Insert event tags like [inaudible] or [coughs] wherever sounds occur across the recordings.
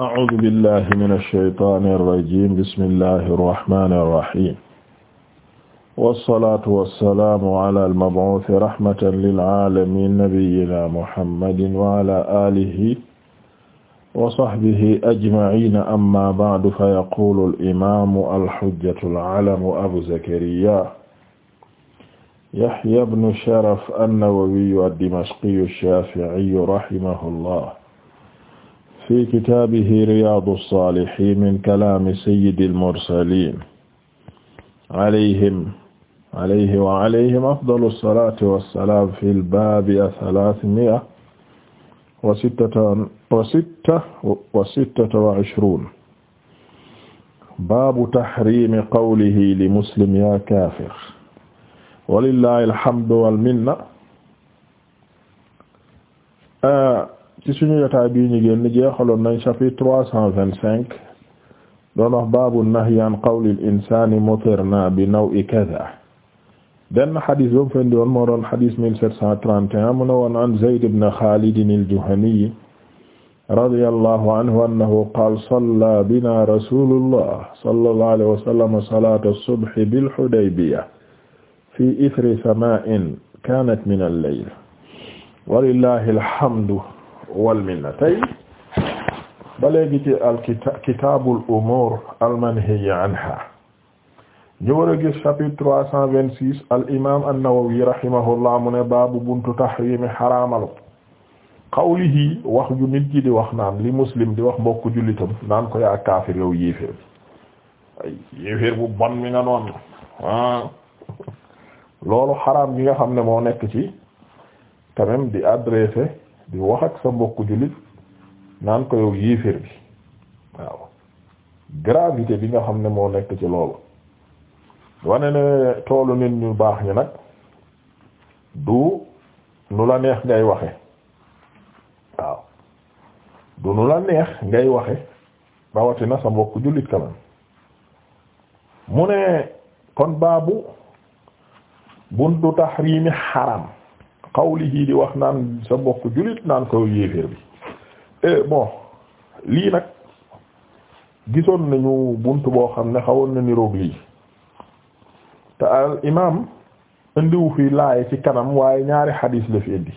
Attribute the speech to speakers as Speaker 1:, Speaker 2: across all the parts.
Speaker 1: أعوذ بالله من الشيطان الرجيم بسم الله الرحمن الرحيم والصلاة والسلام على المبعوث رحمة للعالمين نبينا محمد وعلى آله وصحبه أجمعين أما بعد فيقول الإمام الحجة العلم أبو زكريا يحيى بن شرف النووي الدمشقي الشافعي رحمه الله fi kitaabihi riyaadu saalihiin min kalaami sayyidil mursaliin alayhim alayhi wa alayhim afdalu salaati wa salaam fil baabi salaasmi'a wa sittatan wa sitta wa sittata wa ishruun baabu tahriimi qawlihi li muslim yaa kaafir walillaahi alhamdu wal minna ci suñu yotaay bii ñu génn jeexaloon nañ chapitre trois cent vingt cinq doon wax baabu nahyi an qawli al-insaani mutirna bi naw'i kadha benn xadis ba mu fendi woon moo doon xadis mille sept cent trente et un mu ne woon an Zayd ibn Xaalid al-Juhani radiyallahu anhu annahu qaala salla bina rasulullah sallallahu alayhi wa sallam salaata as-subhi bil-Hudaybiyah fi ithri samaa'in kaanat mina al-layl walillahi alhamdu wal minna tey ba ci al kitaabul umuur al manhiyya anha ñu war a cent vingt six al imaam an-Nawawi rahimahullah mu ne baabu buntu tahriimi xaraamalu qawlihi wax ju nit ji di wax naan li muslim di wax mbokk jullitam naan ko yaa kaafir yow bu bon mi nga noon ah loolu xaraam gi nga xam ne moo nekk ci quand même di adressé di wax ak sa mbokku jullit naan ko yéeféer bi waaw gravité bi nga xam ne moo nekk ci loolu wane ne toolu nit ñu baax ñi nag du nu la neex ngay waxe waaw du nu la neex ngay waxe rawatina sa mbokku jullit kanam mu ne kon baabu buntu taxriimi xaram qawlihi di wax naan sa mbokk jullit naan ko yéeféer bi eh bon lii nag gisoon nañu bunt boo xam ne xawoon na niroog lii te al imaam indiwu fi laay ci kanam waaye ñaari xadiis la fi indi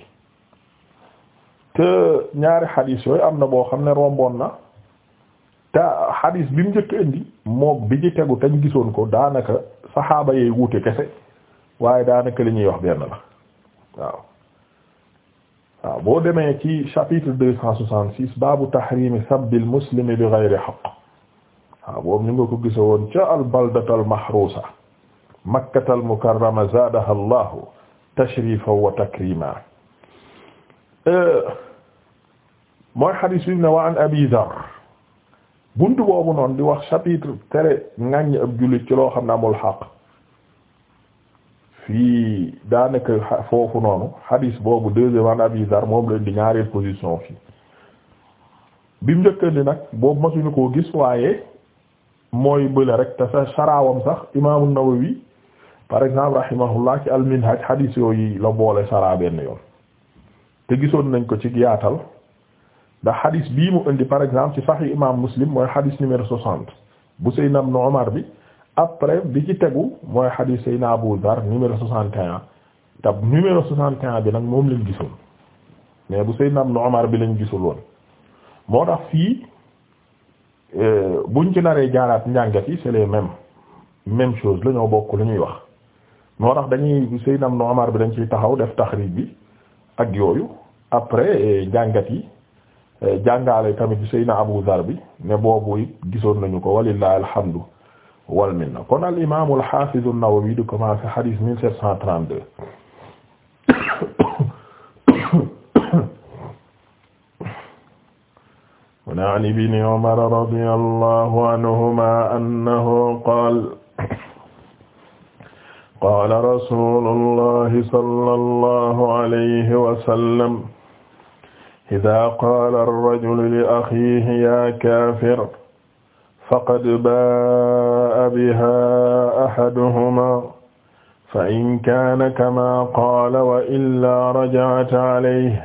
Speaker 1: te ñaari xadiis yooyu am na boo xam ne romboon na te xadiis bi mu njëkk indi mook bi ci tegu tañ gisoon ko daanaka saxaaba yee wuute kese waaye daanaka li ñuy wax benn la waaw boo demee ci chapitre deux cent soixante six baabu tahrimi sabbil muslimi bi ghayri haqq waaw boobu ñu nga ko gisa woon ca al baldatal mahrusa makkatal wa takrima euh, mooy xadis bi ne abi dar buntu boobu noonu di wax chapitre tere ŋàññ ab jullit ci loo xam ne amul xaq fii daanaka foofu noonu hadis boobu deuxième an Abi Dar moom la di ñaareel position fii bi mu njëkkandi nag boobu masuñu koo gis waaye mooy bële rek te sa saraawam sax imaamu Nawawi par exemple rahimahullah ci al-Minhaj hadis yooyu la boole saraa benn yoon te gisoon nañ ko ci yaatal ndax hadis bii mu indi par exemple ci Sahih imam Muslim mooy hadis numéro soixante bu Seydina Ibn Umar bi après bi ci tegu mooy hadith Seydina Abu Dar numéro 61 te numéro 61 bi nag moom lañ gisul mais bu Seydina Ibn Umar bi lañ gisul woon moo tax fii euh, buñ ci naree jaaraat njàngat yi c'est les mêmes même chose la bokk lu ñuy wax moo tax dañuy bu Seydina Ibn bi dañ ciy taxaw def taxrib bi ak yooyu après euh, njàngat yi euh, jàngaale tamit Seydina Abu Dar bi ne boobu it gisoon nañu ko walillahi alhamdu wal minna kon al imaam al haafiz an-Nawawi du commencé hadith 1732 [coughs] mu ne an ibni Umar radiyallahu anhuma annahu qaala qaala rasuulullahi sallallahu alayhi wa sallam idaa qaala ar-rajulu li axiihi yaa kaafir faqad baa'a bihaa ahaduhumaa fa in kaana kamaa qaala wa illaa raja'at alayhi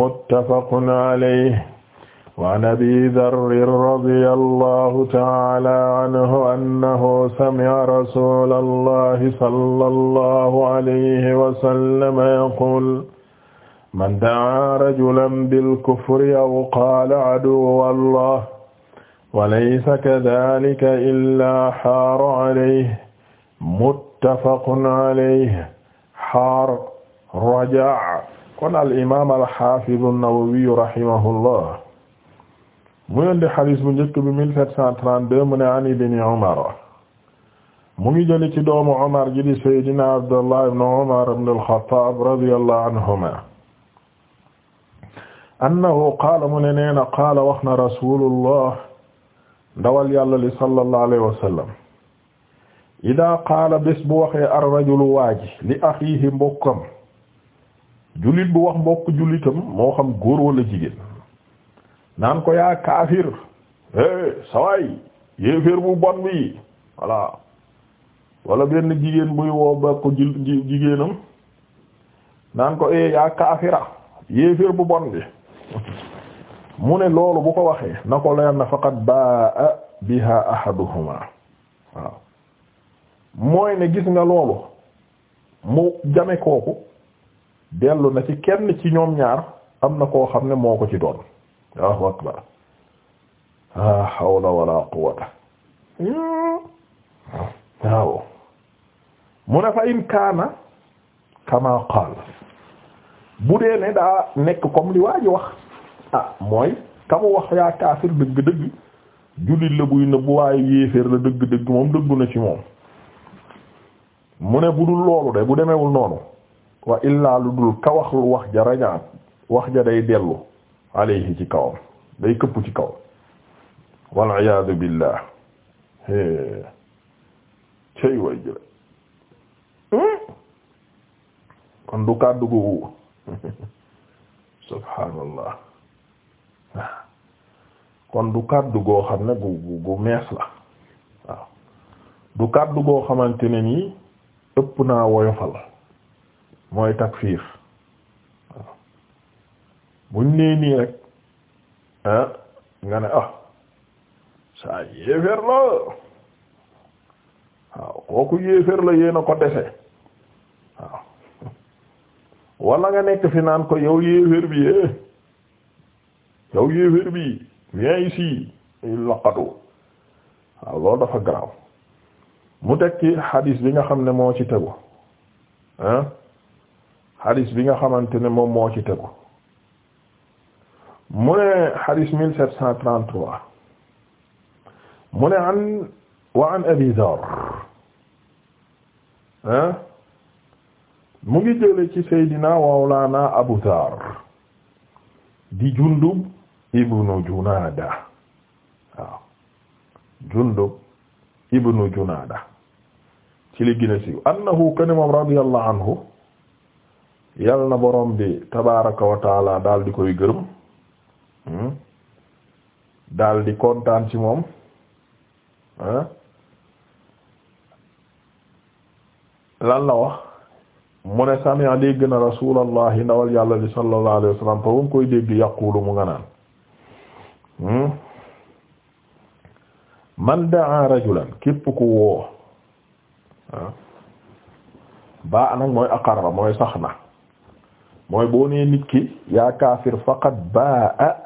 Speaker 1: muttafaqun alayhi wa an abii dharrin radiyallaahu ta'aalaa anhu annahu sami'a rasuulallaahi sallallaahu alayhi wa sallam yaquulu man da'aa rajulan bil kufri aw qaala aduwwallaah walaysa kadaalika illaa xaar alayhi muttafaqun alayhi xaar rajaa kon al imaam al xaafiz an-Nawawi rahimahullah mu yëndi xadis bu njëkk bi 1732 mu ne an ibni Umar mu ngi jëli ci doomu Umar ji di Seydina Abdallah ibn Umar ibn al-Xattaab radiyallahu anhumaa annahu qaala mu ne nee na qaala wax na rasuulullah ndawal yàlla li sallallahu alayhi wa sallam ida bés bu waxee ar rajulu waaji li axiihi mbokkam jullit bu wax mbokk jullitam moo xam góor walla jigéen naan ko yaa kaafir é eh, sawaay yéeféer bu bon bi voilà wala benn jigéen buy woo ba ko jigéenam naan ko e yaa kaafira yéeféer bu bon bi [laughs] mu ne loolu bu ko waxee na ko leer na baa biha ahaduhuma waaw mooy ne gis nga loolu mu jame kooku dellu na ci kenn ci ñoom ñaar am na koo xam ne moo ko ci doon Allahu akbar la hawla wala quwwata mu ne fa in kaana kama qaal bu dee ne daa nekk comme li waa wax ah mooy ka wax yaa kaafir dëgg-dëgg jullit la buy nëbbu waaye yéeféer la dëgg-dëgg moom dëggu na ci moom mu ne bu dul loolu de bu demewul noonu wa illaa lu dul ka wax lu wax ja rajaat wax day dellu ci kawam day këpp ci kawam wal iyaadu billaah cey hmm? du kàddu gu [laughs] subhaanallah kon du kàddu goo xam ne gu gu gu mees la waaw du kàddu goo xamante ne nii ëpp naa woyofal mooy takfiir waaw buñ nee nii rek ah nga ne ah saa yéeféer la waaw kooku yéeféer la yéena ko dese waaw [laughs] wala nga nekk fi naan ko yow yéeféer bi yee eh, yow yéeféer bi viens ici laqatu waaw loolu dafa garaaw mu tekki xadis bi nga xam ne moo ci tego ah xadis bi nga xamante ne moom moo ci tego mu ne xadis mille sept cent trente-trois mu ne an wa an Abi Dharr ah mu ngi jële ci Seydina wawlaana Abu Dharr di Jundub ibnu Junaada waaw Jundub ibnu Junaada ci li siiw annahu kana moom radiyallahu anhu yal na borom bi tabaaraka wa daal di koy gërëm hmm? daal di kontaan ci moom hmm? lan la wax mu ne sami'a dégg na rasulallahi ndawal yàlla li sallallahu alayhi wa sallam fa koy dégg yaqulu mu nga naan Hmm? man daa rajulan képp ku woo ah, baa nag mooy aqarra mooy sax na mooy boo nee nit ki yaa kaafir faqad baa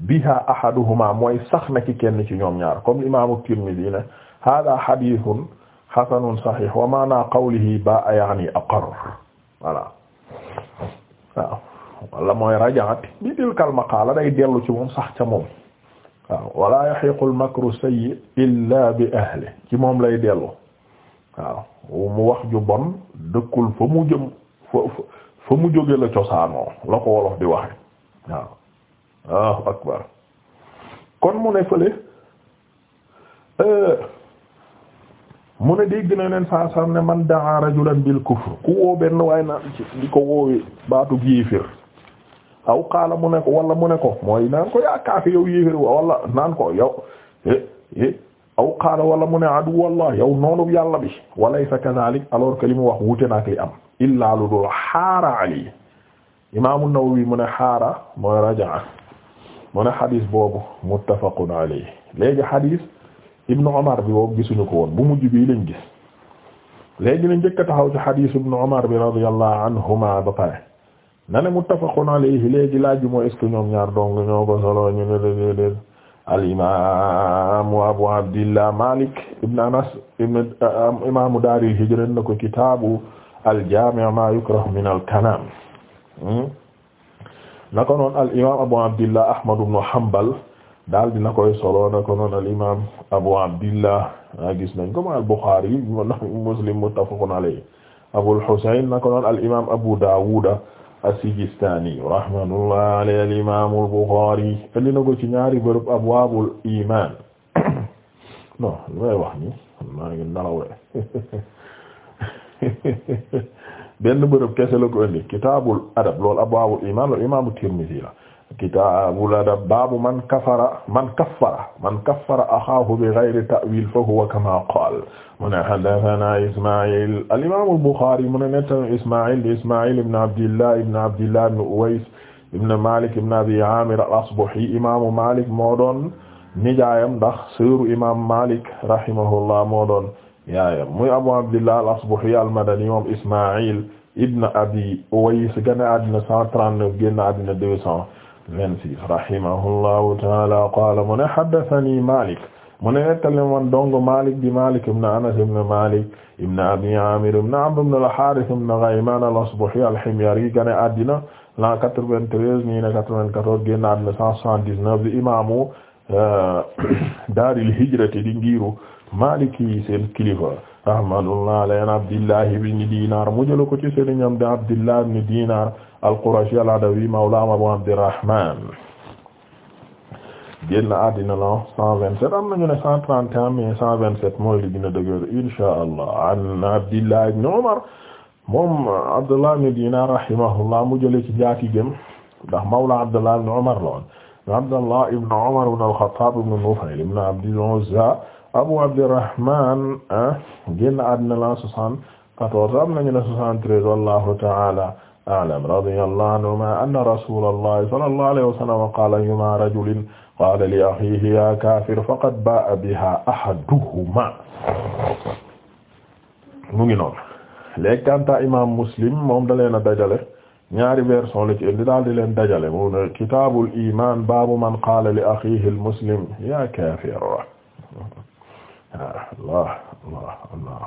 Speaker 1: biha ahaduhuma mooy sax na ci kenn ci ñoom ñaar comme l'imam Tirmidhi ne hada hadithun hasanun sahih wa maana qawlihi baa yaani aqarr voilà walla mooy rajaat bi tilkal maqaala day dellu ci moom sax ca moom waaw wala yahiqul makru sayyi illa bi ahli ci moom lay dellu waaw mu wax ju bon dëkkul fa mu jëm fa fa mu jóge la cosaanoo la ko wolof di waxe waaw waaw akbar kon mu ne fële euh, mu ne dégg na leen saa saa ne man daa rajulan bil kufr ku woo benn waaye naan di ko woowe baatu giifir aw xaala mu ne ko wala mu ne ko mooy naan ko yaa kaafe yow yéefér wala naan ko yow aw qaala wala mu ne adu wallah yow noonu yàlla bi walaysa kadhalik alors que li mu wax wuute naak li am illaa lu dul xaara ali imaamu Nawawi mu ne xaara mooy rajaa mu ne xadis boobu muttafaqun alayhi léegi xadis ibnu Umar bi boobu gisuñu ko woon bu mujj bii lañ gis léegi lañ njëkk a taxaw ci xadis ibnu Umar bi radiyallahu anhuma ba pare na ne muttafaqun alayhi léegi laaj bi mooy est-ce ñoom ñaar dong ñoo ko solo ñu ne de abu abdillah malik ibn anas imaamu daaril hijra na ko kitaabu al ma yukrahu min al kalaam hmm? naka abu abdillah ahmad ibn hanbal daal dina koy solo naka noonu abu abdillah ah, gis nañ ko ma buxaari [laughs] muslim muttafaqun alayhi abul husayn naka noonu abu daawuda as-Sijistaani rahmatullah alayhi al-imaam al-Buxaari ko ci ñaari bërëb abwaabul iimaan [coughs] non looy wax ni maa ngi nelaw [laughs] benn bërëb kese la ko indi kitaabul adab loolu abwaabul iimaan loolu imaamu Tirmizi kitaabul adab baabu man kafara man kaffara man kaffara axaahu bi gayri ta'wiil fa huwa kamaa qaal mu ne haddasanaa Ismaaïl al-imaamul Buxaari mu ne nettali Ismaaïl Ismaaïl ibn Abdillah ibn Abdillah ibn Uways ibn Malik ibn Abi Aamir al-Asbahi imaamu Malik moo doon nijaayam ndax sëru imaam Malik rahimahullah moo doon yaayam muy Abu Abdillah al-Asbahi al-Madani moom Ismaaïl ibn Abi Uways gane àddina 139 génn àddina 200 26 rahimahullahu taala qaala mu ne haddathani Malik mu ne nettali woon dong Malik di Malik ibn Anas ibn Malik ibn Abi Amir ibn Amr ibn al-Harith ibn Ghayman al-Asbahi al-Himyari gane àddina la 93 ñii ne 94 génn àddina 179 di imaamu euh, [coughs] daaril hijrati di ngiru Maliki seen kilifa rahmatullah alayhi Abdullah ibn Dinar mu jël ko ci sëriñam di Abdullah ibn Dinar al-Qurashi al-Adawi mawla Abu Abdurrahman génn àddina la 127 am nañu ne 131 mais 127 mooy li gën a dëgër inshaa Allah an Abdullah ibn Umar moom Abdullah ibn Dinar rahimahullah mu jël ci njaatigem ndax mawla Abdullah ibn Umar la woon Abdullah ibn Umar ibn al-Khattab ibn Nufayl ibn Abdul Uzza Abu Abdirrahman ah génn àddina la 74 am nañu ne 73 wallaahu ta'aala a'lam radiyallaahu anhumaa anna rasuulallaahi sallallaahu alayhi wa sallam qaala ayyumaa rajulin qaala li axiihi yaa kaafir faqad baa'a bihaa ahaduhumaa mu ngi noonu léegi kanta imaam Muslim moom da leen a dajale ñaari version la ci indi daal di leen dajale mu ne kitaabul iimaan baabu man qaala li axiihi al-muslim yaa kaafir Ah, Allah Allah Allah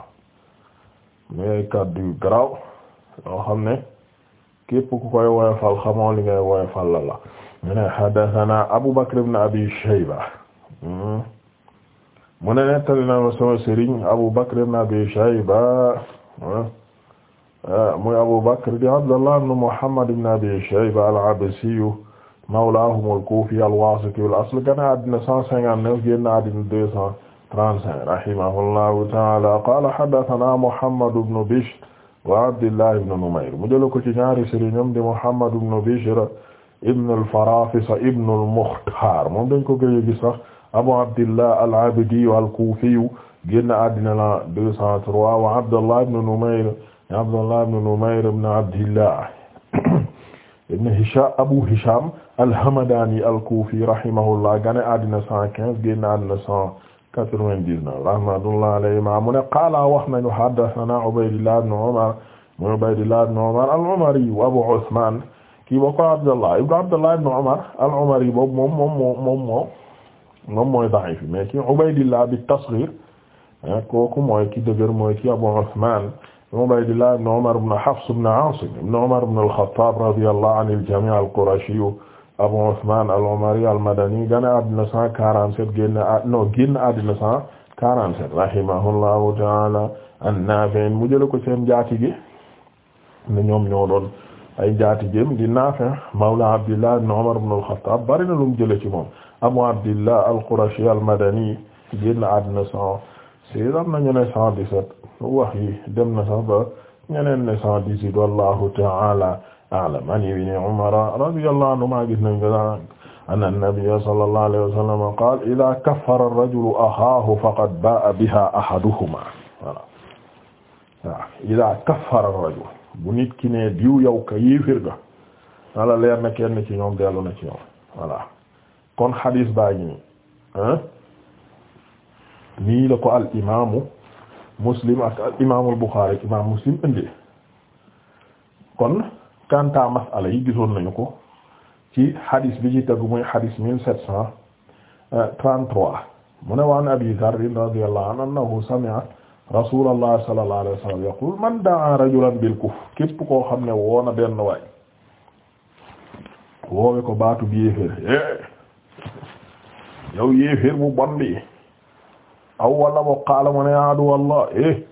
Speaker 1: muy kàddu yu garaaw yoo xam ne képp ku koy woyofal xamoo li ngay woyofal la la mu ne hadathana Abu Bakr ibn Abi Shayba hmm. mu ne nettali na ma sama sëriñ Abu Bakr ibn Abi Shayba hmm. ah, muy Abu Bakr di Abdullah ibn Muhammad ibn Abi Shayba al-Absiyu mawlahum al-Kufi al-Wasiti al-asl gane àddina cent cinquante-neuf génn àddina deux cents 35 rahimahullahu taala qala hadathana Muhammad ibn Bishr wa Abdullah ibn Numayr mu jël ko ci ñaari sëriñam di Muhammad ibn Bishr ibn al-Farafisa ibn al-Mukhtar moom dañ ko gëj gi sax Abu Abdillah al-Abdi al-Kufi génn àddina la 203 wa Abdullah ibn Numayr Abdullah ibn Numayr ibn Abdillah [coughs] ibn Hisham Abu Hisham al-Hamadani al-Kufi rahimahullah génn àddina 115 génn àddina 99 rahmatullah alayhima mu ne qaala wax nañu haddathana Ubaydillah ibn Umar mu Ubaydillah ibn Umar al-Umari wa Abu Usman kii ba ko Abdallah ibn Abdallah ibn Umar al-Umari boobu moom moom moom moom moom mooy da'if mais kii Ubaydillah bi tasghir ah, kooku mooy ki dëgër mooy kii Abu Usman Ubaydillah ibn Umar ibn Hafs ibn Asim ibn Umar ibn al-Khattab radiyallahu anil jami' al-Qurashi Abu Usman al-Umari al-Madani gane àddina 147 génn no génn àddina 147 rahimahullahu ta'ala an Nafi' mu jël ko seen njaatige ne ñoom ñoo doon ay njaatigeem di Nafi' mawla Abdillah ibn Umar ibn al-Khattab bari na lu mu jëlee ci moom Abu Abdillah al-Qurashi al-Madani génn àddina 116 am na ñu ne 117 wax yi dem na sax ba ñeneen ne 118 wallahu ta'ala a'lam an ibni umara radiyallahu anhumaa gis nañ ko daal anna nabiyya sallallahu alayhi wa sallam qaala idhaa kaffara ar-rajulu axaahu faqad baa'a bihaa ahaduhumaa voilà waaw idhaa kaffara ar-rajulu bu nit ki ne diw yow ka yéefir ga wala leer na kenn ci ñoom dellu na ci ñoom voilà kon xadiis baa ngi nii nii la ko al imaamu muslim ak al imaamul buxaari imaam muslim indi kon. kanta masala yi gisoon nañu ko ci hadis bi ci tegu hadis mille sept cent euh, trois mu ne waan abi dharrin radiyallahu anhu annahu sami'a rasulullah sallallahu alayhi wasallam yaqul man da'a rajulan bil kufr képp koo xam ne woo na benn ko baatu bi yéeféer eh, yow yéeféer bu bon bi aw wala qaala mu ne aadu wallah eh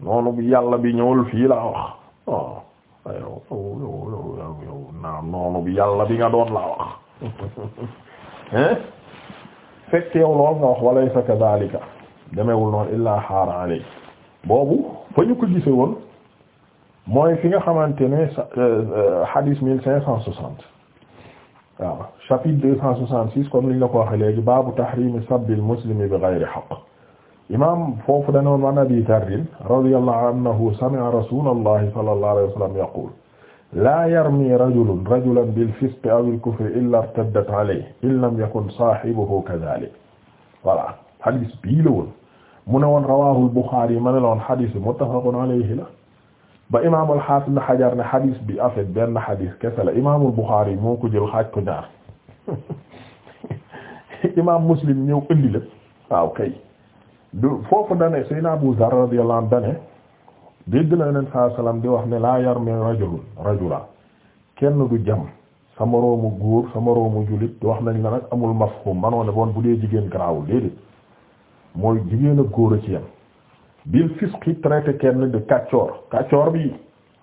Speaker 1: noonu yàlla bi ñëwul fii wax yow yow yow yow yow naa noonu bi yàlla bi nga doon laa wax [laughs] hein fekk yow lool nga wax walay sa kadhalika demewul noonu illaa xaara alay boobu fa ñu ko gise woon mooy fi nga xamante ne hadis euh, euh, mille cinq cent soixante waaw chapitre deux cent soixante six comme liñ la ko waxee léegi baabu tahrimi sabbil muslimi bi ghayri haqq imam foofu dane woon an abi darrin radiyallahu anhu sami'a rasulallahi sallallahu alayhi wa sallam yaqul la yarmi rajulun rajulan bil fisqi aw al kufri illa irtaddat alayhi in lam yakun sahibuhu kadhalik voilà hadis bii la woon mu ne woon rawahu al bukhari ma ne la woon hadis bi muttafaqun alayhi la ba imam al hafiz ibn hajar ne hadis bi afet benn hadis kese la imam al bukhari moo ko jël xaaj ko ñaar [laughs] imam muslim ñëw indi lépp waaw kay du foofu dane sayna Abu Zar radiyallahu anhu dane dégg na leen saa salaam di wax ne laa yarmi rajulun rajula kenn du jam sa moroomu góor sa moroomu jullit wax nañ la nag amul mafhum manoo ne bu dee jigéen garaawul déedéet mooy jigéen ak góor a ci yam bil fisqi traité kenn de kàccoor kàccoor bi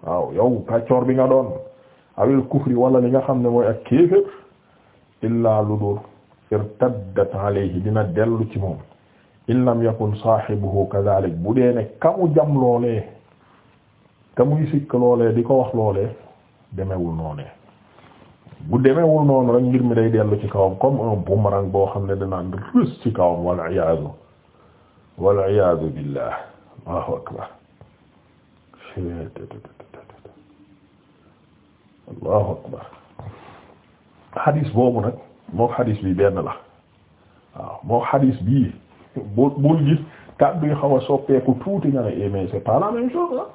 Speaker 1: waaw yow kàccoor bi nga doon awil kufri wala li nga xam ne mooy ak kéefër illaa lu dul irtaddat alayhi dina dellu ci moom in lam yakun saahibuhu kadhalik bu dee ne kamu jam loolee kamuy sikk loolee di ko wax loolee demewul noonee bu demewul noonu rek ngir mi day dellu ci kawam comme un boo xam ne danaan rës ci kawam wal iyaadu wal iyaadu billah allahu akbar allahu boobu nag moo xadis bi benn la waaw moo xadis bii bu bul gis kàddu yi xaw a soppeeku tuuti nga ne eh, mais c'est pas la même chose ah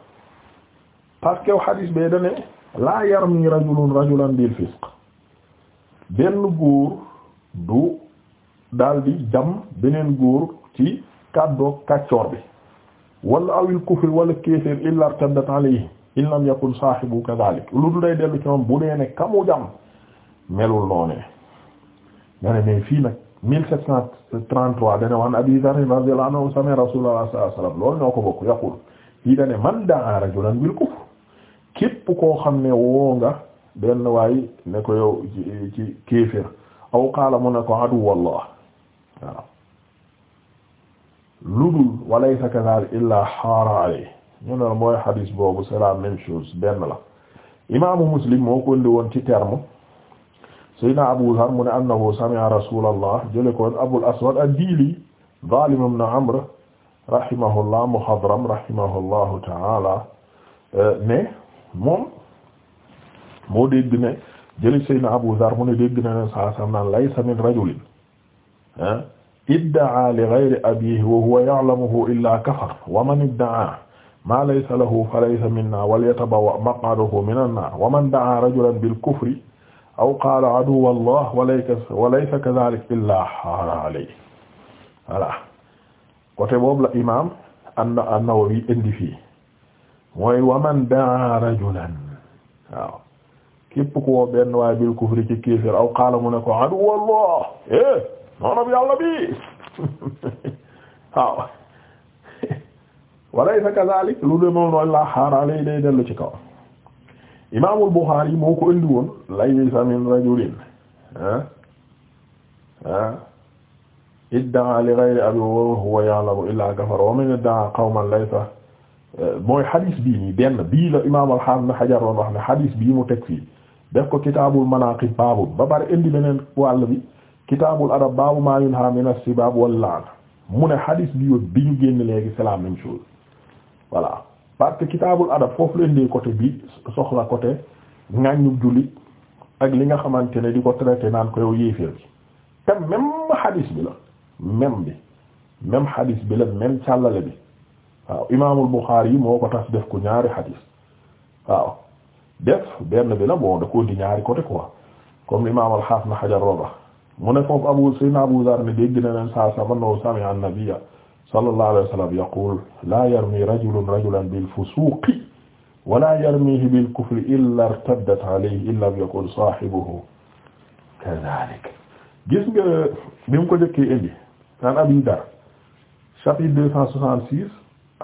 Speaker 1: parce que bee da ne laa yarmi rajulun rajulan bil fisq benn góor du daldi jam beneen góor ci kàddoog kàccoor bi wala awil kufri wala kéeféer illa irtaddat alayhi in lam yakun saahibu kadhalik lu dul day dellu ci moom bu nee ne kamu jam melul noonee nga ne mais fii nag 1733 dane waan Abi Dharr radiyallahu anhu sami Rasulullah sallallahu alayhi wasallam loolu ñoo yaqul fii man da'a rajulan bil kufr képp koo xam ne woo benn waay ne ko yow ci ci aw qaala mu ne ko aduwallah waaw ludul walaysa kadhalik illa xaara alay ñu ne mooy hadis boobu c'est la même benn la imaamu Muslim moo ko indi ci terme Sayyidina Abu Dharr mu ne annahu sami'a Rasulallah jëlee ko Abul Aswad ad-Dili Ghalim ibn Amr rahimahullah muhadram rahimahullahu ta'ala ne moom moo dégg ne jëlee Sayyidina Abu Dharr mu ne dégg na ne saa sam naan laysa min rajulin ah, idda'a li ghayri abihi wa huwa ya'lamuhu illa kafar wa man idda'a ma laysa lahu falaysa minna walyatabawwa' maq'adahu mina an-nar wa man da'a rajulan bil kufri aw qaala aduwwa allah walayka walaysa kadhalik billah ala alay voilà côté boobu la imam an-Nawawi indi fii mooy waman daa rajulan waaw képp ku woo benn waaye bil kufri ci kéefér aw qaala mu ne ko aduwwa allah é eh, noonam yàlla bi [laughs] waaw [laughs] walaysa kadhalik lu demoon wala xaaralay day dellu ci kaw imaamul Buxaari moo ko indi woon laysa min rajulin ah ah idda'a li ghayri abi wa huwa ya'lamu illa kafara wa man idda'a qawman laysa eh, mooy xadis bii nii benn bii la imaamul Haafiz Ibn Hajar doon wax ne xadis bii mu teg fii def ko kitaabul manaaqib baabu ba pare indi beneen wàll bi kitaabul adab baabu maa yunhaa min as-sibaab wal la'n mu ne xadis bii bi ñu génn léegi c'est la même chose voilà. parce que kitaabul adab foofu leen di côté bi soxla côté ŋàññu julli ak li nga xamante ne di ko traité naan ko yow yéeféer bi te même hadis bi la même bi même hadis bi la même càllale bi waaw imaamul Buxaari yi moo ko tas def ko ñaari hadis waaw def benn bi la bon de ko di ñaari côté quoi comme l'imam al-Hafiz na Hajar roba mu ne foofu Abu Sayyid Abu Zar ne dégg na leen saa sama no sami an nabiyya sallallahu alayhi wa sallam yaqul la yarmi rajulun rajulan bil fusuqi wala yarmihi bil kufri illa irtaddat alayhi illam yakun sahibuhu kadhalik gis nga bi mu ko njëkkee indi an Abi Dar chapitre deux cent soixante six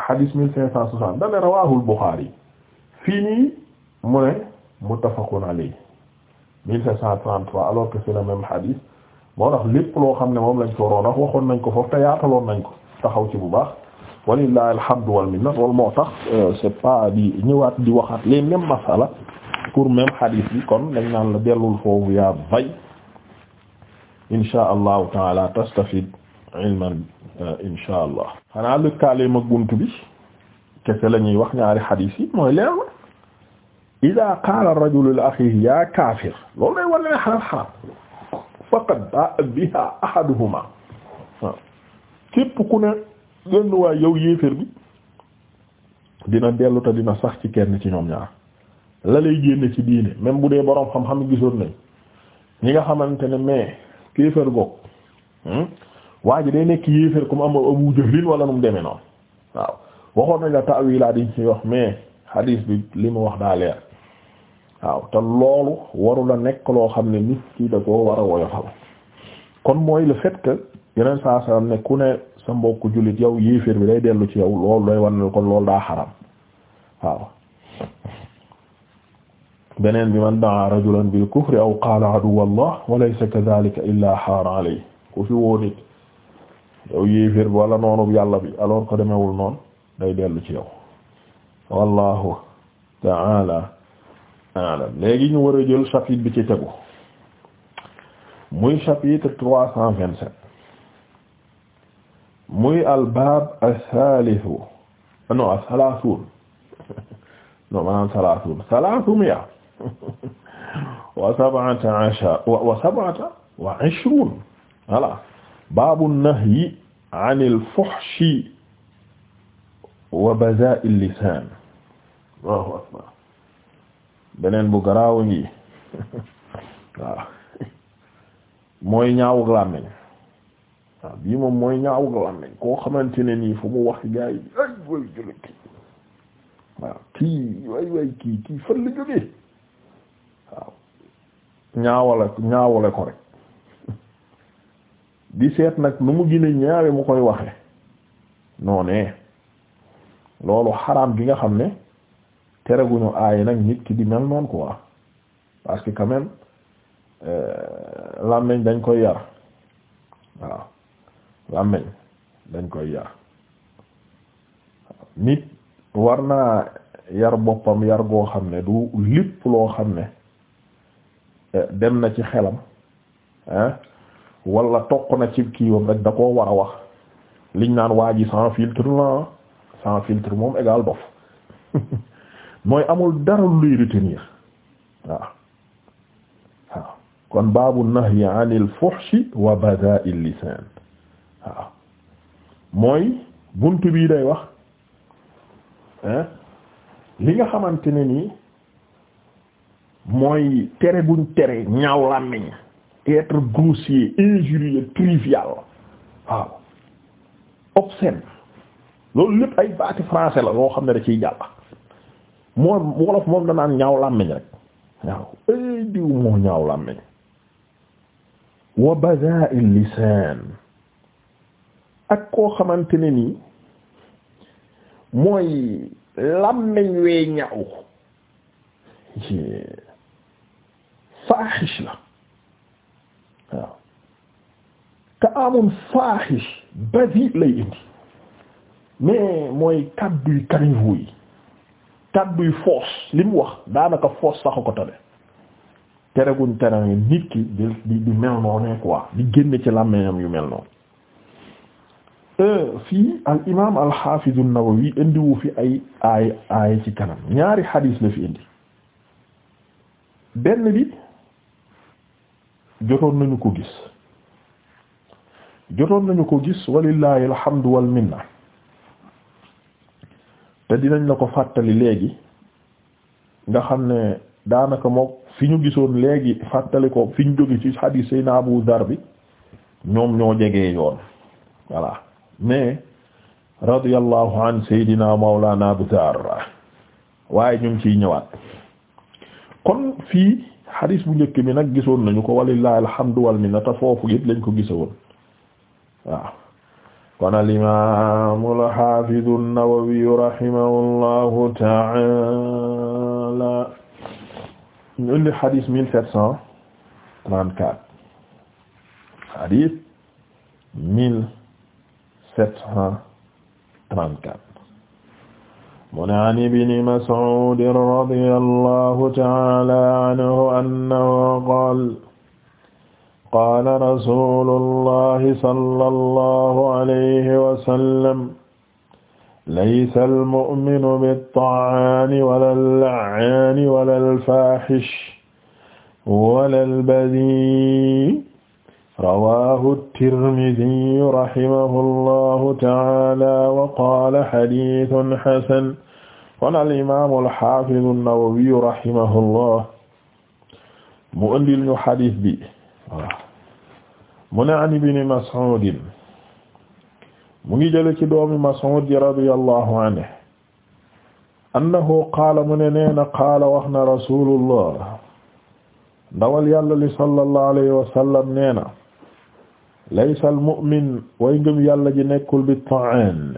Speaker 1: hadith mille cinq cent soixante dane rawahul Bukhari fii nii mu ne muttafaqun alayhi mille cinq cent trente-trois alors que c'est le même hadith moo tax lépp loo xam ne moom lañ ko waroon wax waxoon nañ ko foofu te yaataloon nañ ko taxaw ci bu baax walillahi alhamdu wal minna loolu moo tax euh, c'est pas di ñëwaat di waxat les mêmes masala pour même hadith kon dañ naan la dellul foofu yaa bay insha allahu taala tastafid ilman euh, insha allah xanaa lëkkaaleem ak bunt bi kese ñuy wax ñaari hadith yi mooy leer la ida qaala rajulu li axihi yaa kaafir loolu war ne xaram xaram faqad baa biha ahaduhuma képp ku ne gën waay yow yéeféer bi dina dellu dina sax ci kenn ci ñoom ñaar la lay génne ci diine même bu dee boroom xam-xam gisoon nañ ñi nga xamante ne mais kéefër goog hmm? waa ji day nekk yéeféer comme am Abu Jahlin wala nu mu demee noonu waaw waxoon nañ la ta'wila diñ ci wax mais hadis bi li mu wax daa leer waaw te loolu warula nekk loo xam ne nit ki da ko war a woyofal kon mooy le fait yeneen saa salaam ne ku ne sa mbokku jullit yow yéeféer bi day dellu ci yow loolu day wan ko lool daa xaram beneen bi man daa rajulan bil kufri aw qaala aduwallah wa laysa kadhalika illa xaara alayhi ku bi wala yàlla bi alors que demewul noon day dellu ci yow wallahu ta'ala a'lam léegi ñu war a jël chapitre bi ci tegu muy chapitre trois cent vingt muy albaab asaalisu non asalaasun [laughs] non maanaam salaasun salaasu mi'a [laughs] wa sab'ata ashar wa sab'ata wa ishruun voilà baabu nahyi anil fuhshi wa bazaa'il lisaan Allahu akbar beneen bu garaaw ngi waaw [laughs] mooy ñaawu làmmiñ waaw bii moom mooy ñaaw galan nañ koo xamante ne nii fu mu wax gaa yi ay waaw kii way way kii kii fan la jógee waaw ñaawale ñaawale ko rek di seet nag nu mu gën a ñaawe mu koy waxe noonee loolu xaraam gi nga xam ne tereguñu aay nag nit ki di mel noonu quoi parce que quand même euh, làmmiñ dañ koy yar waaw làmmiñ dañ koy yar nit war naa yar boppam yar goo xam ne du lépp loo xam ne eh, dem na ci xelam hein wala toq na ci kiiwam rek da koo war a wax liñ naan waa ji sans filtre la sans filtre moom égal dof [laughs] mooy amul dara luy retenir waaw waaw kon baabu nahyi anil fuhshi wa bada'il lisan waaw mooy bunt bii day wax li nga xamante ne nii mooy tere buñ tere ñaaw làmmiñ être grossier injurieux trivial waaw obscène loolu lépp ay baati français la loo xam ne da ciy jàll moom wolof moom danaan ñaaw làmmiñ rek waaw ay diw moo ñaaw làmmiñ wa bada'il lisan ak koo xamante ne nii mooy làmmeñ wee ñaaw faaxish la waaw kaamun faaxish basi lay indi mais mooy kàdduy kanivu yi kàdduy foos li mu wax daanaka foos sax ko tane tereguñ tere nit ki di di mel noonu quoi di génn ci làmmiñam yu mel noonu Euh, fii al imaam al xaafiz an-Nawawi indiwu fi ay ay ay ci kanam ñaari xadiis la fi indi benn bi jotoon nañu ko gis jotoon nañu ko gis walillahi alhamdu wal minna te dinañ la ko fàttali léegi nga xam ne daanaka mook fi ñu gisoon léegi fàttali ko fi ñu jóge ci xadiis Seydina Abu Dar bi ñoom ñoo jegee yoon voilà mais radiyallahu an saydina mawlana Butar waaye ñu ngi ciy ñëwaat kon fii xadis bu njëkk bi nag gisoon nañu ko walillahi alhamdu wal minna ta foofu it lañ ko gisoon waaw kon al imaamu al xaafidu an-Nawawi rahimahullahu ta'ala ñu indi xadis mille sept cent trente-quatre xadis mille sept cent trente-quatre mu ne an ibni Mas'ud radiyallahu ta'ala anhu annahu qaala qaala rasuulullahi sallallahu alayhi wa sallam laysa al-mu'minu bit-ta'aani wala al-la'aani wala al-faahishi wala al-badhii rawaahu tirmidiyu rahimahu allahu taala wa qaala xadiisun xasan kon al imaamu alxaafidu nawawiyu rahimahu allah mu andil ñu xadiis bi voilà mu ne an ibni mas'uudin mu ngi jële ci doomi mas'uud radiyallahu anhu annahu qaala mu ne nee na qaala wax na rasulullah ndawal yàlla li sallallahu alayhi wa sallam nee na laysa almu'min way ngëm yàlla ji nekkul bi ta'an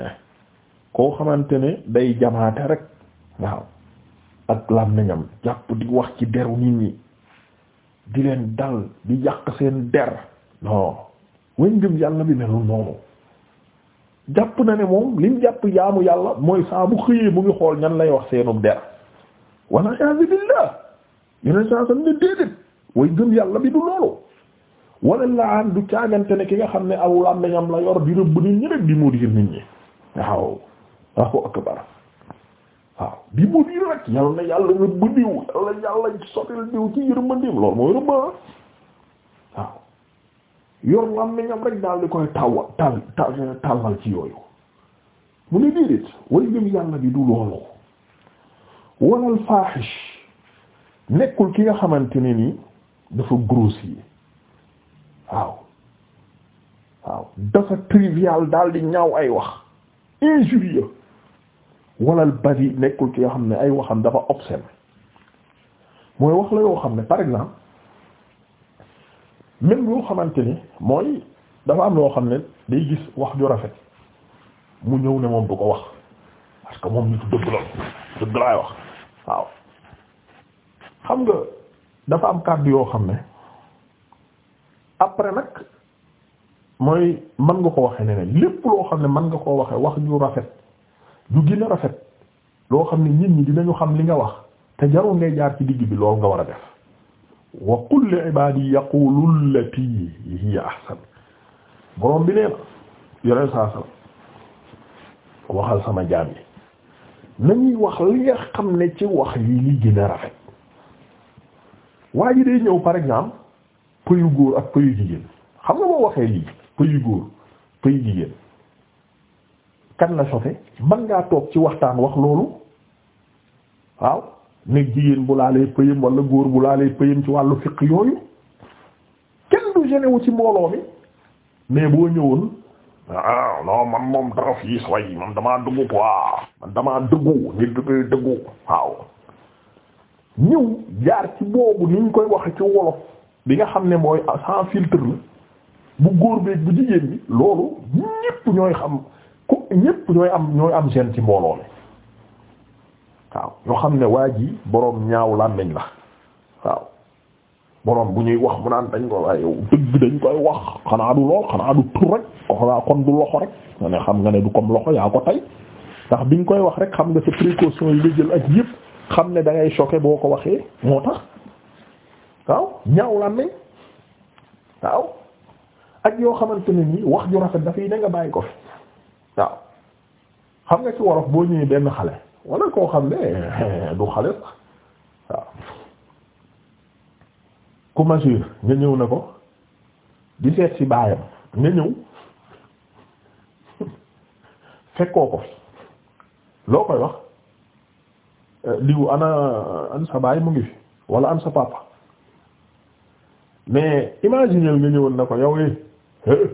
Speaker 1: koo xamante ne day jamaate rek waaw ak làmmiñam jàpp di wax ci deru nit ñi di leen dal di yàq seen der non way ngëm yàlla bi melul noonu jàpp na ne moom lim jàpp jaamu yàlla mooy saa bu xëyee mu ngi xool ñan lay wax seenu der walla iyaazu billaah yeneen saa sam ne déedéet way ngëm yàlla bi du loolu wala laan du caagante ne ki nga xam ne aw làmmiñam la yor di rëbb nit ñi rek di mudir nit ñi waaw waaw akbar waaw di mudir rek yal na yàlla rëbb diw yàlla yàlla sotil diw ci yërmandeem loolu mooy rëbb waaw yor làmmiñam rek daal di koy tawwa tal tallal ci yooyu mu ne déedéet way ngëm yàlla bi du loolu wala al nekkul ki nga xamante ne ni dafa grossier waaw waaw dafa trivial daal di ñaaw ay wax injurieux walal bari nekkul ci yoo xam ne ay waxam dafa obscène mooy wax la yoo xam ne par exemple même yoo xamante ni mooy dafa am loo xam ne day gis wax ju rafet mu ñëw ne moom du ko wax parce que moom nitu dëgg la dëgg laay wax waaw xam nga dafa am kàddu yoo xam ne après nag mooy mën nga ko waxe neneen lépp loo xam ne mën nga koo waxe wax ju rafet ju gën rafet loo xam ne nit ñi dinañu xam li nga wax te jarul ngay jaar ci digg bi loolu nga war a def wa qul li ibadi yaqulu llati hiya ahsan borom bi nee na yoreen saa sala waxal sama jaam yi nañuy wax li nga xam ne ci wax yi li gën a rafet waa ji day ñëw par exemple pëyu góor ak pëyu jigéen xam nga boo waxee lii pëyu góor pëyu jigéen kan la sofe mën ngaa toog ci waxtaan wax loolu waaw ne jigéen bu laalee pëyam wala góor bu laalee pëyam ci wàllu fiq yooyu kenn du gêné ci mbooloo mi mais boo ñëwoon ah non man moom dara fii sooy man damaa dugg quoi man damaa dëggu nit dugg dëggu waaw ñëw jaar ci boobu niñ koy wax ci wolof bi nga xam ne mooy sans filtre la bu góor beeg bu jigéen bi loolu ñépp ñooy xam ku ñépp ñooy am ñooy am gene ci mbooloo waaw ñoo xam ne waa ji boroom ñaaw làmmiñ la waaw boroom bu ñuy wax mu naan dañ ko waaye dëgg dañ koy wax xanaa du lool xanaa du tur rek xanaa kon du loxo rek nga ne xam nga ne du comme loxo yaa ko tey ndax biñ koy wax rek xam nga sa précaution yi nga jël ak yépp xam ne da ngay choqué boo ko waxee moo tax waaw ñaaw làmmiñ waaw ak yoo xamante ne nii wax ju rafet dafay ne nga bàyyi ko fi waaw xam nga ci wolof boo ñëwee benn xale wala koo xam ne [laughs] du xale sax waaw ñëw na ko di ci baayam nga ñëw [laughs] fekkoo ko fi loo koy wax eh, diw ana an sa baay mu ngi fi wala am sa papa mais imagineel nga ñëwoon na ko yow eh,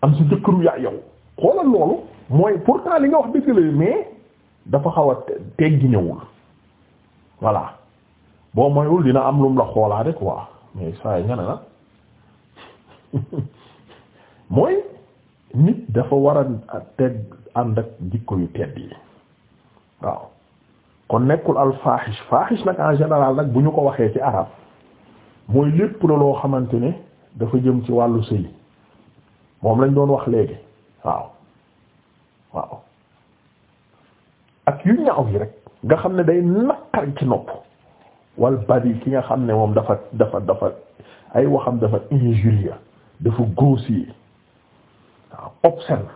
Speaker 1: am si jëkkëru yaa yow xoolal loolu mooy pourtant li nga wax dëgg la mais dafa xaw a teggi ñëwul voilà boo moywul dina am lum la xoolaade quoi mais saa yi ñane na [laughs] mooy nit dafa war a teg ànd ak jikko yu tedd yi waaw kon nekkul al fahish fahish nag en général nag bu ñu ko waxee ci arab mooy lépp la loo xamante ne dafa jëm ci wàllu sëy moom lañ doon wax léegi waaw waaw ak yu ñaaw yi rek nga xam ne day naqar ci nopp wal bari ki nga xam ne moom dafa dafa dafa ay waxam dafa injurieux dafa grossier waaw obscène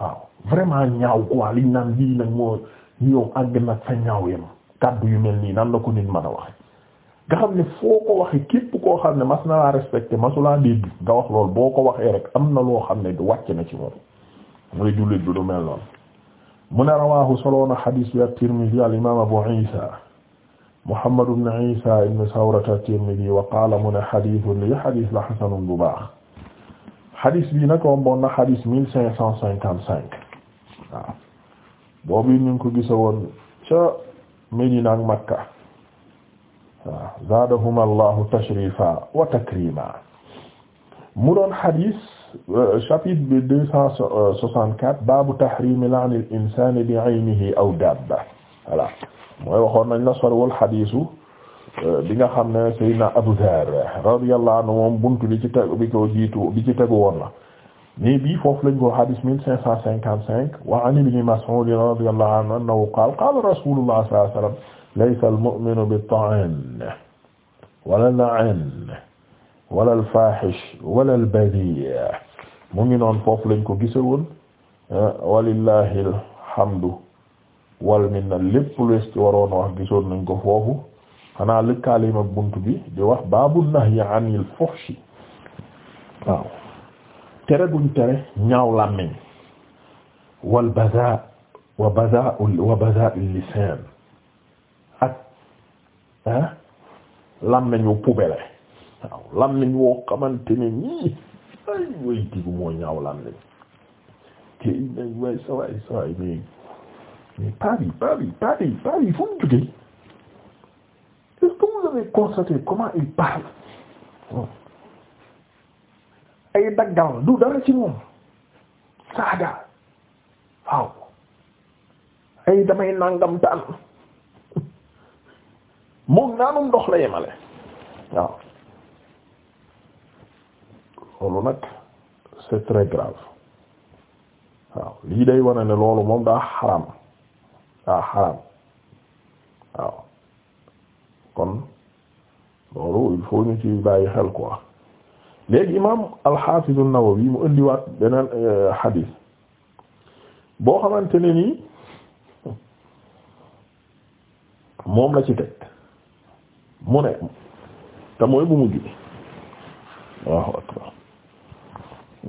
Speaker 1: waaw vraiment ñaaw quoi liñ naan lii nag moo ñëw àgg nag fa ñaaw yam kàddu yu mel nii nan la ko nit mën a waxe nga xam ne foo ko waxee képp koo xam ne mas na laa respecté masulaa dégg nga wax loolu boo ko waxee rek am na loo xam ne du wàcc na ci moom muy jullit bi du mel noonu mu ne rawahu soloona xadiis bi at-Tirmidhi al-imam Abu Isa Muhammad ibn Isa ibn Sawrata at-Tirmidhi wa qaala mu ne xadiis li xadiis la xasanun bu baax xadiis bi nag na xadiis mille cinq cent cinquante cinq waaw ñu ngi ko gisawoon ca Medina ak Makka waaw zaadahum allahu tashrifa wa takrima mu doon xadis euh, chapitre bi deux cent soixante quatre baabu tahrimi la'ni al insani bi aynihi aw dabba voilà mooy waxoon nañ la sorwal xadisu euh, bi nga xam ne sayyidina Abu Dharr radiyallahu anhu moom buntu bi ci tegu bi ko jiitu bi ci tegu woon la mais bii foofu lañ ko xadis mille cinq cent cinquante cinq wa an ibn Mas'ud radiyallahu anhu annahu qaala qaala rasulullah sallallahu alayhi wasallam laysa al muminu taaan wala al wala al wala al mu ngi noon foofu lañ ko gise woon eh, walillahi alhamdu wal minna lépp lu waroon wax gisoon nañ ko foofu xanaa lëkkaalim ak bunt bi di wax baabu nahyi anil fuhshi tere guñ tere ñaaw làmmiñ wal badhaa wa ah làmmiñ wu poubelle waaw làmmiñ woo xamante ne nii ay way digu moo ñaaw làmmiñ te nañ waay sawaay sawaay mais mais pas bi pas bi pas bi pas bi fu mu jógee est-ce que vous avez ay daggal du dara ci moom saaga waaw ay damay nangam taan moom naanum ndox la yemale waaw loolu nag c'est très waaw lii day wane ne loolu moom daa xaram daa xaram waaw kon loolu il faut ñu ci bàyyi xel quoi léegi imaam al-Hafiz nawawi mu indiwaat beneen euh, xadiis boo xamante nii moom la ci teg mu ne te mooy bu mujj waaw akbar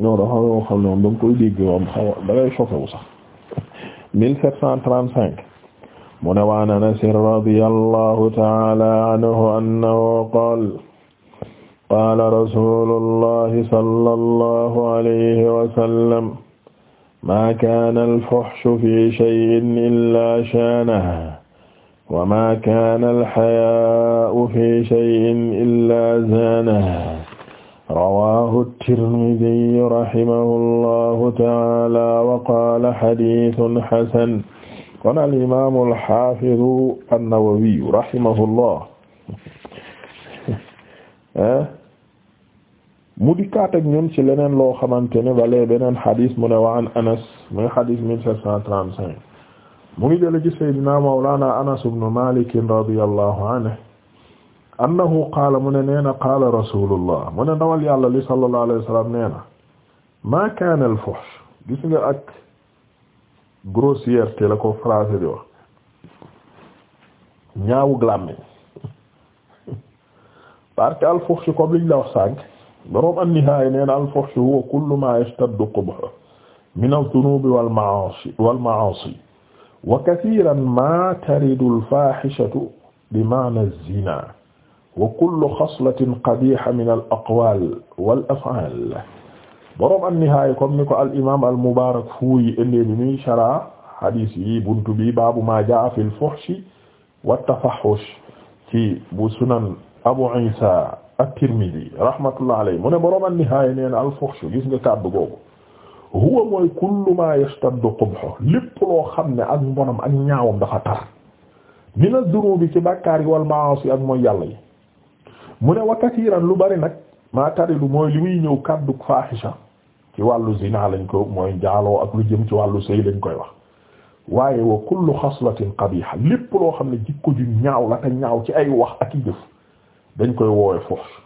Speaker 1: ñoo dafa yoo xam ne moom da nga koy dégg moom xaw da ngay choqué wu sax mille sept cent trente-cinq mu ne waan Anas radiyallahu ta'ala anhu annahu qaala qaala rasulullahi sallallahu alayhi wa sallam ma kaana al-fuhshu fi shay'in illa shaanahu wama kaana alxayaa'u fi shay'in illaa zaanahu rawaahu tirmidiyyu rahimahu llahu ta'aala wa qaala hadiisun hasan kon al imaamu alxaafidu annawawiyyu rahimahu llah mu dikkaat ak ñun ci leneen loo xamante ne bale beneen xadis mu ne wa an anas muy xadis 1735 mu ngi jële ci sayyidina mawlana anas ibn malik radiyallahu anhu annahu qaala mu ne nee na qaala rasulullah mu ne ndawal yàlla li sallallahu alayhi wa sallam nee na ma kaana al fuhsh gis nga ak grossièreté la ko français di wax ñaawu glàmmiñ [laughs] parce que al fuhsh comme liñ la wax sànq boroom an-nihaaya nee na al fuhsh huwa kullu ma yashtaddu qubhu min adh-dhunubi wal ma'aasi wal ma'aasi wa kathiran ma taridu alfahishatu bi ma'na az-zina wa kullu xaslatin qabiha min al aqwal wal af'al boroom an-nihaaya comme ni ko al imaam al mubaarak fuuyi indi bi muy shara hadis yi buntu bi baabu maa jaa fil fuhshi wat tafahush ci bu sunan abu isa at-tirmidhi rahmatullah alayhi mu ne boroom an-nihaaya nee na al fuhsh gis nga kàddu googu huwa mooy kullu ma yastaddu qubhu lépp loo xam ne ak mbonam ak ñaawam dafa tar mina dunubi ci bàkkaar yi wal maasi ak mooy yàlla mu ne wa lu bari nag maa taridu mooy li muy ñëw kàddu faahisha ci wàllu zina lañ ko mooy njaaloo ak lu jëm ci wàllu sëy lañ koy wax waaye wa kullu xaslatin qabiha lépp loo xam ne jikko ji ñaaw la te ñaaw ci ay wax ak i dañ koy woowe foofu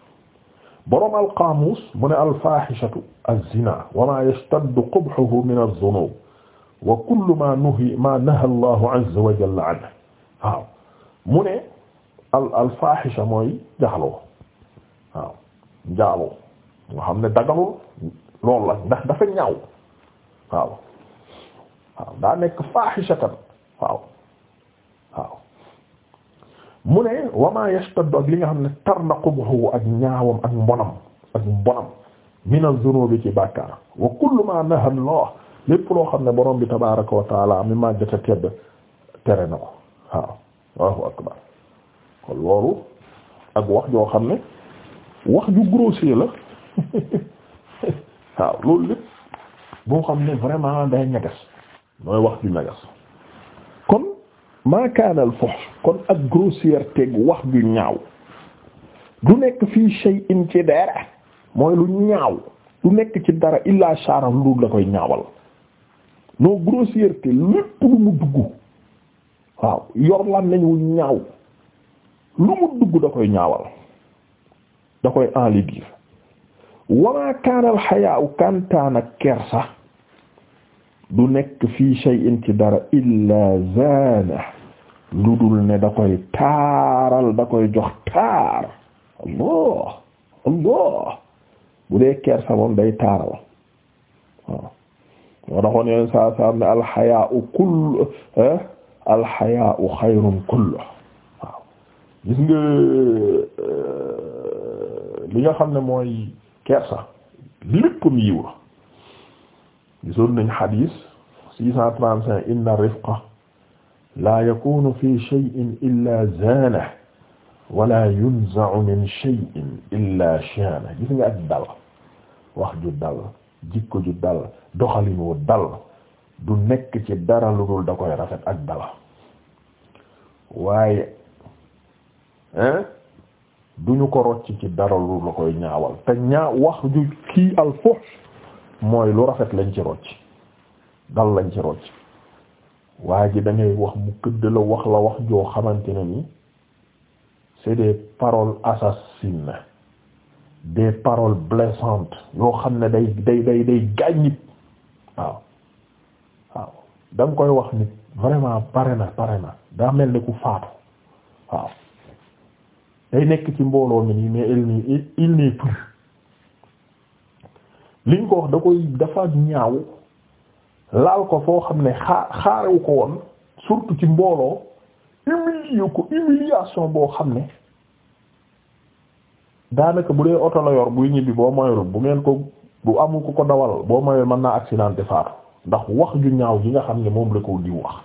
Speaker 1: boroom alqaamuus mu ne alfaaxishatu az-zinaa wa maa yastaddu qubhuhu min az-zunuub wa kullu maa nuhi maa nahaa Allahu azza wa jalla anhu waaw mu ne al alfaaxisha mooy jaxloo waaw njaaloo nga xam ne dagalul loolu la ndax dafa ñaaw waaw waaw daa nekk faaxishatan waaw waaw mu ne wama yastaddu ak li nga xam ne tar na qubuhu ak ñaawam ak mbonam ak mbonam min az-zunubi ci bàkkaar wa kullu ma naha Allah lépp loo xam ne borom bi tabaaraka wa taala mi na ko waaw loolu ak wax joo xam ne wax ju grossier la [laughs] waaw loolu lépp boo xam ne vraiment day ñagas mooy wax ju ñagas ma kaana al fuhsh kon ak grossièreté gu wax ju ñaaw du nekk fii shay'in ci dara mooy lu ñaaw du nekk ci dara illa shara lu la koy ñaawal noo grossièreté lépp lu mu dugg waaw yor lan nañu ñaaw lu mu dugg da koy ñaawal da koy enlibir wa ma kaana al hayaa kantaan ak kersa du nekk fii shay'in ci dara illa zaana lu dul ne da taaral da koy jox taar allah allah bu dee kersa moom day taaral waaw moo taxoon yooyu saa saa ne alxayaau kull eh? alxayaau xayrun kull waaw gis nga eh, li nga xam ne mooy kersa léppam yiw la gisoon nañ xadiis six cent trente-cinq rifqa la yakunu fi shay'in illa zaanahu wala yunza'u min shay'in illa shaanahu gis dal wax ju dal jikko ju dal doxalin wu dal du nekk ci dara lu dul da koy rafet ak dala duñu ko rocc ci dara lu la koy ñaawal te ñaaw wax ju kii al fuhsh mooy lu rafet lañ ci rocc dal lañ ci rocc waa ji da wax mu këdd la wax la wax joo xamante ne ni c'est des paroles assassines des paroles blessantes yoo xam ne day day day day gaañ nit waaw waaw da koy wax nit vraiment pare na pare na daa mel ni ku faatu waaw day nekk ci mbooloo mi nii mais il n'est il n'est plus liñ ko wax da koy dafa ñaaw laal ko foo xam ne xaar xaarewu ko woon surtout ci mbooloo humilier ko humiliation boo xam ne daanaka bu dee oto la yor buy ñibbi boo moyul bu ngeen ko bu amul ko ko dawal boo moyul mën naa accidenté faatu ndax wax ju ñaaw ji nga xam ne moom la ko di wax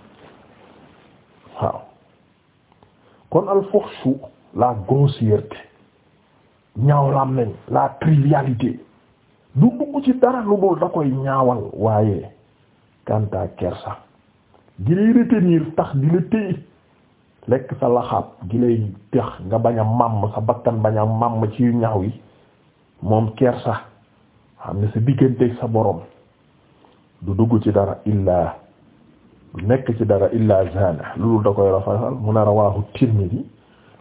Speaker 1: waaw kon al fuhshu la grossièreté ñaaw la am la trivialité du dugg ci dara lu dul da koy ñaawal waaye kanta kersa gi lay retenir tax di la téye lekk sa laxaab gi lay tax nga bañ màmm sa bakkan bañ a màmm ci ñaaw yi moom kersa xam ne sa diggante sa borom du dugg ci dara illaa du nekk ci dara illaa zana lu dul da koy rafetal mu ne rawaahu Tirmidi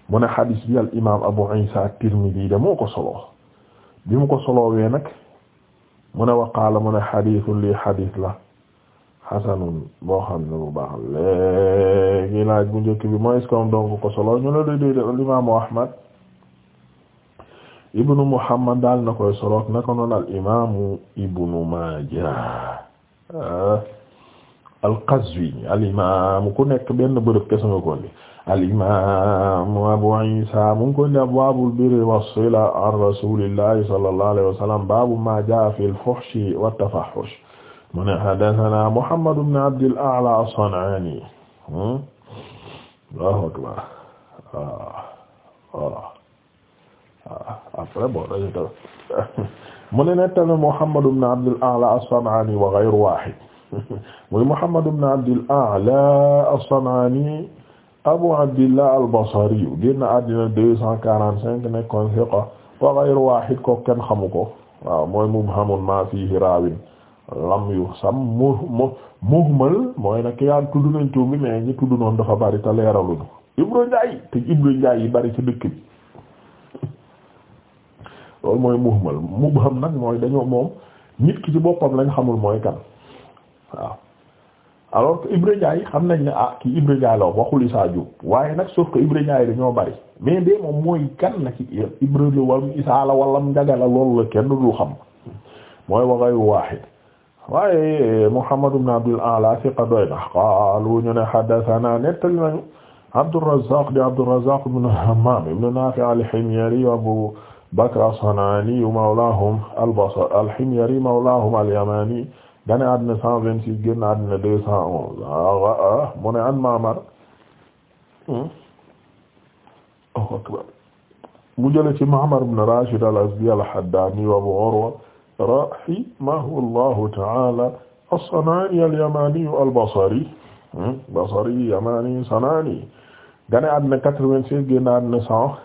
Speaker 1: mu ne xadiis bi al imaam Abu Isa Tirmidi da moo ko solo bi mu ko solowee nag mu ne waqaala mu ne xadiisun lii xadiis la xasanun boo xam ne bu baax léegi laaj njëkk bi mooy iskam donc ko solo ñu ne déedéet al imaamu Ahmad ibnu Muhammad daal na ko solo naka noonu al imaamu ibnu Maaja ah, al Qazwini ku nekk benn bërëb kese nga ko li alimamu abou isa mu ngi ko ndi abwaabul birri wassila an rasulillahi sallallahu alayhi wa sallam baabu ma jaa fi lfohshi wattafahush mu ne hadathana mouhammadu bne abdil ala as-san'aani hmm? Allahu akbar waaw ah, ah. ah, après bon mu ne nettale mouhammadu bne abdil ala as-san'aani wa ghayru waahid [laughs] muy mouhammadu bne abdil ala as-san'aani abu abdillah al-Basri génn àddina deux cent quarante cinq nekkoon siqa wa ghayr ko kenn xamu ko waaw mooy mubhamun ma fihi raawin lam yu sam mu mu muhmal mooy nag ki nga tudd nañ tuub bi mais ñi tudd noonu dafa bari te Ibro Njaay te Ibro Njaay yi bari ci dëkk bi loolu mooy muhmal mubham nag mooy dañoo moom nit ki ci boppam lañ xamul mooy kan waaw alors que Ibra Ndiaye xam nañ ne a ah, kii Ibra waxul Issa Diop waaye nag sauf que Ibra Ndiaye dañoo bari mais de moom mooy kan la ci Ibra la la wala Ndiaga la la kenn du xam mooy wa ghayru waahid waaye Muhammad ibn Abdul A'la thiqa doy na qaalu ñu ne haddathana nettali nañu Abdurrazzaq di Abdurrazzaq ibn Hammam ibn Nafi' al-Himyari Abu Bakr as-San'ani mawlahum al-Yamani gane àddina cent vingt-six génn àddina deux cent onze ah, ah, ah, an Ma'mar hmm? mu jële ci Ma'mar ibn Rashid al-Azdi al-Haddani wa Abu Urwa rahimahullahu ta'ala as-San'ani al-Yamani al-Basri hmm? Basri Yamani San'ani gane àddina quatre-vingt-six génn àddina cent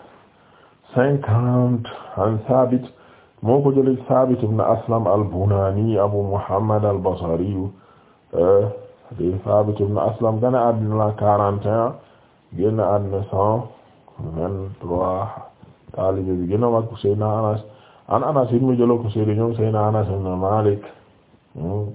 Speaker 1: cinquante an Thabit moo jël jëlee Saabit ibn Aslam al-Bunani Abu Muhammad al-Basri di euh, Saabit ibn Aslam gane àddina la 41 génn àddina 123 taalibe bi gën a mag Anas an Anas ibn jëloo ko Seydina Anas ibn Malik hmm.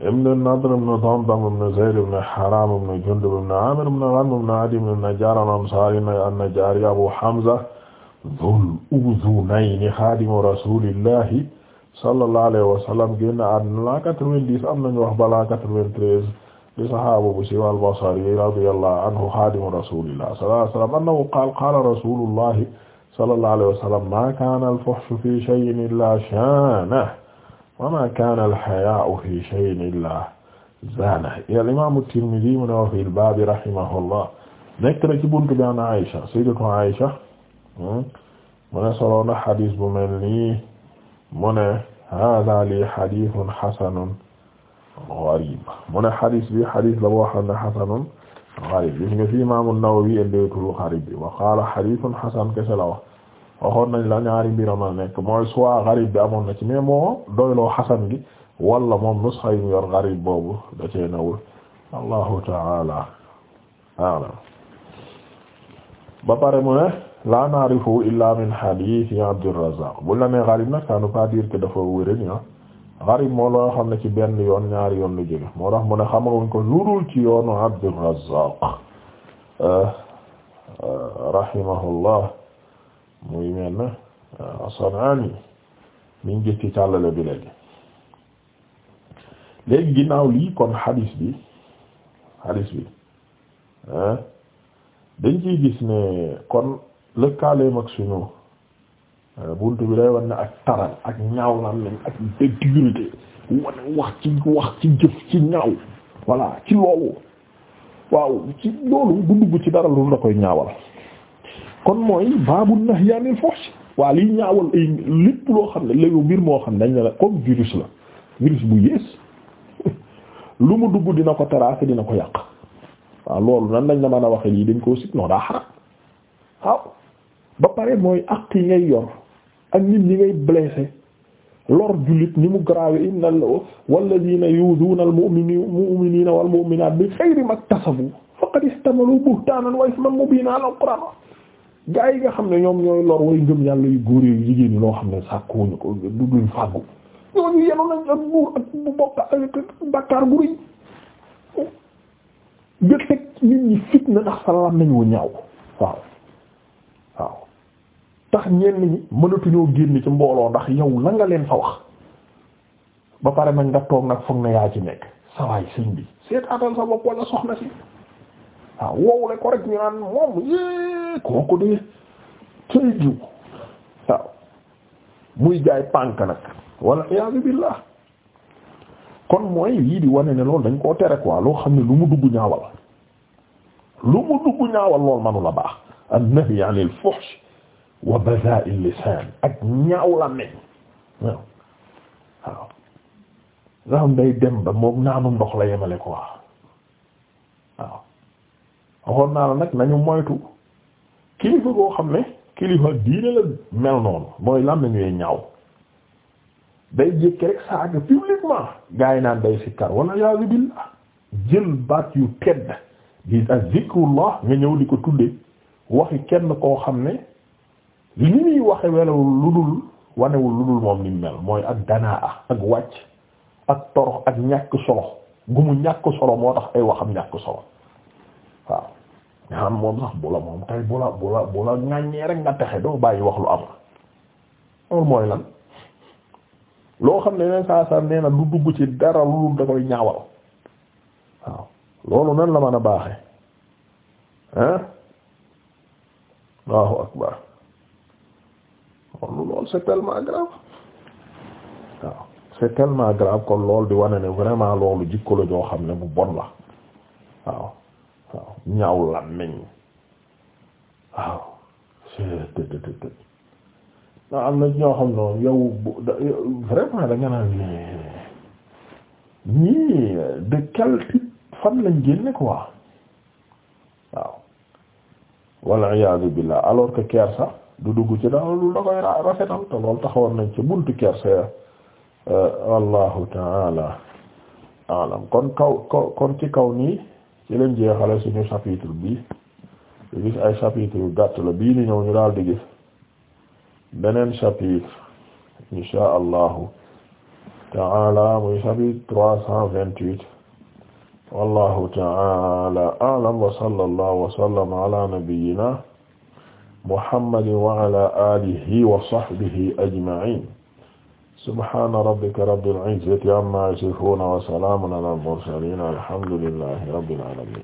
Speaker 1: ibn Nadr ibn Damdam ibn Zayd ibn Haram ibn Jundub ibn Amir ibn Adi ibn Najjar ansari an-Najjari Abu Hamza Dhul Uzunayni xaadimu rasulillahi sallallahu alayhi wa sallam génn àdduna la 90 am nañu wax balaa 93 di saxaaba bu siiw al-Basri radiyallahu anhu xaadimu rasulillahi sallallahu alayhi wa sallam annahu qaala qaala rasulullahi sallallahu alayhi wa sallam maa kaana al-fuhshu fii shay'in illaa shaanahu wa maa kaana al-hayaa'u fii shay'in illaa zaanahu al-imaam at-Tirmidhi mu ne wa fil baab rahimahullah nekk na ci buntu bi an Aïcha sayyidatu Aïcha Hmm? mu ne solo na xadis bu mel nii mu ne hada li xadisun xasanun garib mu ne xadis bi xadis la boo xam ne xasanun garib gis nga fi imaamu Nawawi andeetul garib bi wa qaala xadisun xasan kese la wax waxoon nañ la ñaari mbirama nekk mooy soit garib bi amoon na ci mais moo doyloo xasan gi wala moom nusxa yi mu yor garib boobu da cee nawul allahu taala alam ba pare mu ne la na'rifu illa min hadith Abdurrazzaq bu la nee gharib nag ça ne veut pas dire dafa wéréñ ah gharib moo loo xam ne ci benn yoon ñaari yoon lu jóge moo tax mu ne xamawuñ ko ludul ci yoonu Abdurrazzaq rahimahullah muy mel na As-San'aani ah, miñ gis ci càllale bi léegi léegi ginnaaw lii kon hadith bi hadith bi ah, dañ ciy gis ne kon lëkkaaleem ak suñu euh, buntu bi day war ne ak taral ak ñaaw lan lañ ak intégrité wane wax ci wax ci jëf ci ñaaw voilà ci loolu waaw ci loolu bu dugg ci dara lu na koy ñaawal kon mooy baabu nahyi anil fuhsh waa liy ñaawal ay loo xam ne léegi mbir moo xam ne dañ ne la comme virus la virus bu yées [laughs] lu mu dugg dina ko terrasse dina ko yàq waaw loolu nan dañ la man a waxee lii dañ koo sit non daa xaram waaw ba pare mooy àq yi ngay yor ak nit ñi ngay blessé lor jullit ni mu grave innal walladina yu'duna al na wal mu'minat bi xayri maktasabu faqad istamalu buhtanan wa isman mubina al alquran gaa yi nga xam ne ñoom ñooy lor way ngëm yàlla yu góor yu jigéen ñi loo xam ne sàkkuwuñu ko duduñ fàggu ñooñu yenu nañ ak buur ak bu bokk ak bàkkaar bu rëy nga teg nit ñi fitna ndax sa làmmiñ wu ñaaw waaw tax ñenn ñi mënatuñoo génn ci mbooloo ndax yow la nga leen fa wax ba pare nag nga toog nag foog na yaa ci nekk sawaay sëñ bi seet atal sa bopp wala soxna si waaw wowule ko ñu naan moom yée kooku de cëy jiw waaw muy jaay pànk nag wala iyaazu billah kon mooy lii di wane ne lool dañ koo tere quoi loo xam ne lu mu dugg ñaawal lu mu dugg ñaawal lool manu baax an-nahy 'anil fuhsh wa bazaa'il lisaan ak ñaaw la meñ waaw ndox la yemale ko waaw waxoon naa la nag nañu moytu kilifa goo xam ne kilifa diine la mel noonu mooy lan nañuy ñaaw day jékki rek saaga publiquement gaa yi naan day sikkar wala yaazu jël baat yu tedd di ak zikrullah nga ñëw di ko tudde waxi kenn koo xam ne li muy waxe welawul lu dul wanewul lu dul moom ni mel mooy ak danaa ak wàcc ak torox ak ñàkk solo gu mu ñàkk solo moo tax ay waxam ñàkk solo waaw nga moom sax bu la moom tey bu la bu la bu la ŋàññee rek nga texe doo bàyyi wax lu mooy lan loo xam ne yeneen saa saa nee ci dara da koy ñaawal waaw loolu nan kon lool c'est tellement grave waaw c'est tellement grave kon loolu di wane ne vraiment loolu jikko joo xam ne bu bon la waaw waaw ñaaw la meñ waaw ah am na ñoo xam ne yow vraiment da naan ñii de quel fan lañ génne quoi waaw. wal iyaadu billah alors que Kersa. du dugg ci dara lu da koy rafetal te loolu nañ ci buntu kersa wallahu euh, taala alam kon kaw kon ci kaw nii ci leen jeexale suñu chapitre bi ñu gis ay chapitre yu gàtt la bii ni ñëw ñu daal di gis beneen chapitre insha allahu taala muy chapitre trois cent vingt-huit wallahu taala alam wa sallallahu wa sallama ala nabiyyina muhammadin wa ala aalihi wa sahbihi ajma'iin subhaana rabbika rabbil izzati amma yasifuun wa salaamun alal mursaliin alhamdulillahi rabbil aalamiin